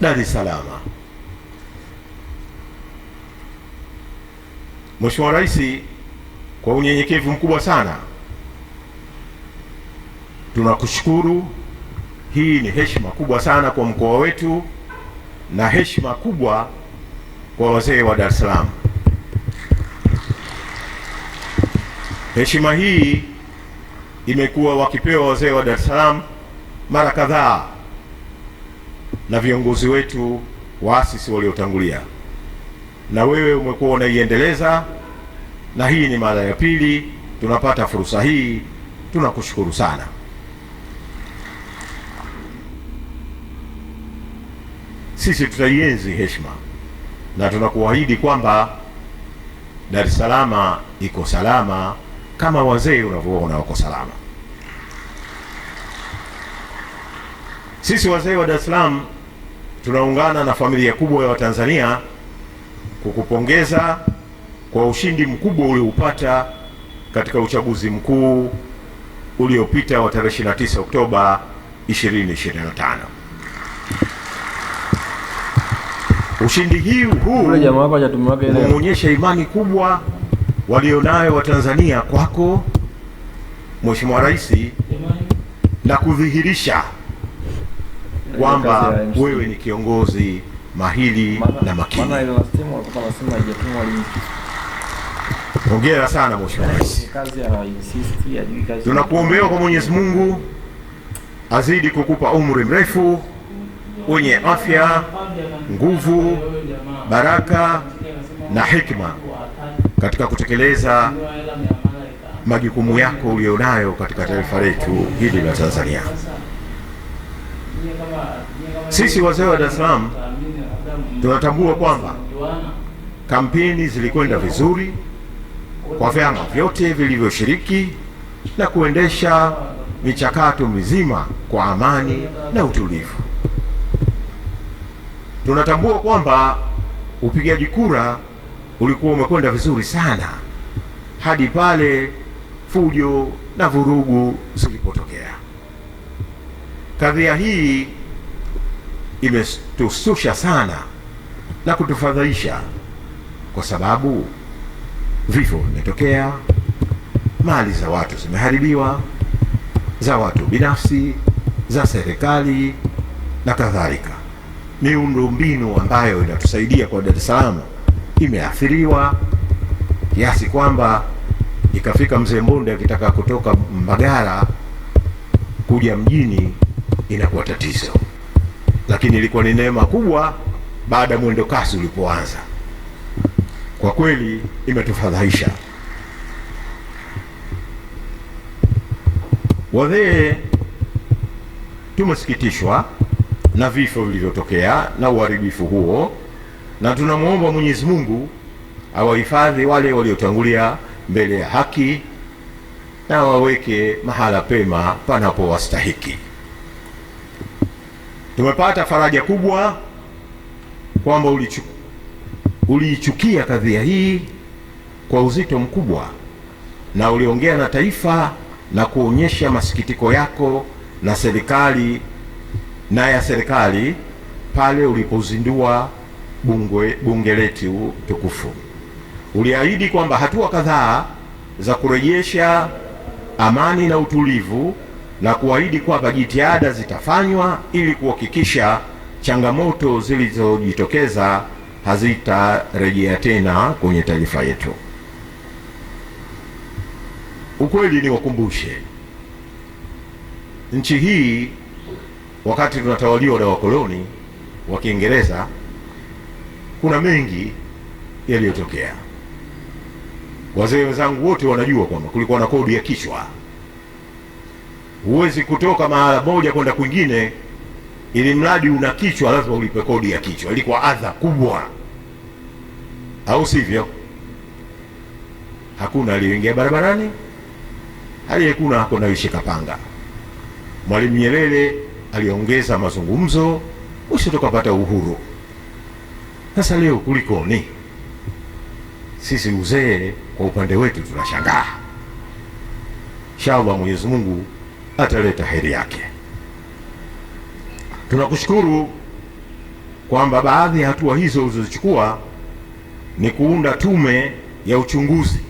Dar es Salaam. Mheshimiwa Rais, kwa unyenyekevu mkubwa sana tunakushukuru. Hii ni heshima kubwa sana kwa mkoa wetu na heshima kubwa kwa wazee wa Dar es Salaam. Heshima hii imekuwa wakipewa wazee wa Dar es Salaam mara kadhaa na viongozi wetu waasisi waliotangulia, na wewe umekuwa unaiendeleza, na hii ni mara ya pili tunapata fursa hii. Tunakushukuru sana. Sisi tutaienzi heshima na tunakuahidi kwamba Dar es Salaam iko salama kama wazee unavyoona wako salama. Sisi wazee wa Dar es Salaam tunaungana na familia kubwa ya Watanzania kukupongeza kwa ushindi mkubwa ulioupata katika uchaguzi mkuu uliopita wa tarehe 29 Oktoba 2025. Ushindi hii huu umeonyesha imani kubwa walionayo Watanzania kwako Mheshimiwa Rais na kudhihirisha kwamba wewe ni kiongozi mahiri na makini. Hongera sana Mheshimiwa Rais, tunakuombea kwa Mwenyezi Mungu azidi kukupa umri mrefu wenye afya, nguvu, baraka na hikma katika kutekeleza majukumu yako ulionayo katika taifa letu hili la Tanzania. Sisi wazee wa Dar es Salaam tunatambua kwamba kampeni zilikwenda vizuri kwa vyama vyote vilivyoshiriki na kuendesha michakato mizima kwa amani na utulivu. Tunatambua kwamba upigaji kura ulikuwa umekwenda vizuri sana hadi pale fujo na vurugu zilipotokea. Kadhia hii imetususha sana na kutufadhaisha, kwa sababu vifo vimetokea, mali za watu zimeharibiwa, za watu binafsi, za serikali na kadhalika. Miundombinu ambayo inatusaidia kwa Dar es Salaam imeathiriwa kiasi kwamba ikafika mzee Mbonde akitaka kutoka Mbagara kuja mjini inakuwa tatizo, lakini ilikuwa ni neema kubwa baada ya mwendo kasi ulipoanza. Kwa kweli imetufadhaisha wadhee, tumesikitishwa na vifo vilivyotokea na uharibifu huo, na tunamwomba Mwenyezi Mungu awahifadhi wale waliotangulia mbele ya haki na waweke mahala pema panapowastahiki. Tumepata faraja kubwa kwamba uliichukia kadhia hii kwa uzito mkubwa na uliongea na taifa na kuonyesha masikitiko yako na serikali na ya serikali pale ulipozindua bunge, bunge letu tukufu. Uliahidi kwamba hatua kadhaa za kurejesha amani na utulivu na kuahidi kwamba jitihada zitafanywa ili kuhakikisha changamoto zilizojitokeza hazitarejea tena kwenye taifa yetu. Ukweli ni wakumbushe, nchi hii wakati tunatawaliwa na wakoloni wa Kiingereza, kuna mengi yaliyotokea. Wazee wenzangu wote wanajua kwamba kulikuwa na kodi ya kichwa Huwezi kutoka mahala moja kwenda kwingine, ili mradi una kichwa, lazima ulipe kodi ya kichwa. Ilikuwa adha kubwa, au sivyo? Hakuna aliyoingia barabarani, aliyekuna ako nayoshika panga. Mwalimu Nyerere aliongeza mazungumzo, usi tukapata uhuru. Sasa leo kulikoni? Sisi uzee kwa upande wetu tunashangaa. Inshallah Mwenyezi Mungu ataleta heri yake. Tunakushukuru kwamba baadhi ya hatua hizo ulizochukua ni kuunda tume ya uchunguzi